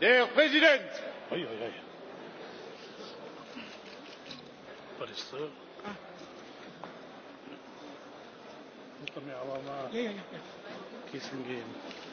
Der Präsident! Oi, oi, oi. What is the... Ah. Muss man mir aber mal ja, ja, ja. Kissen geben.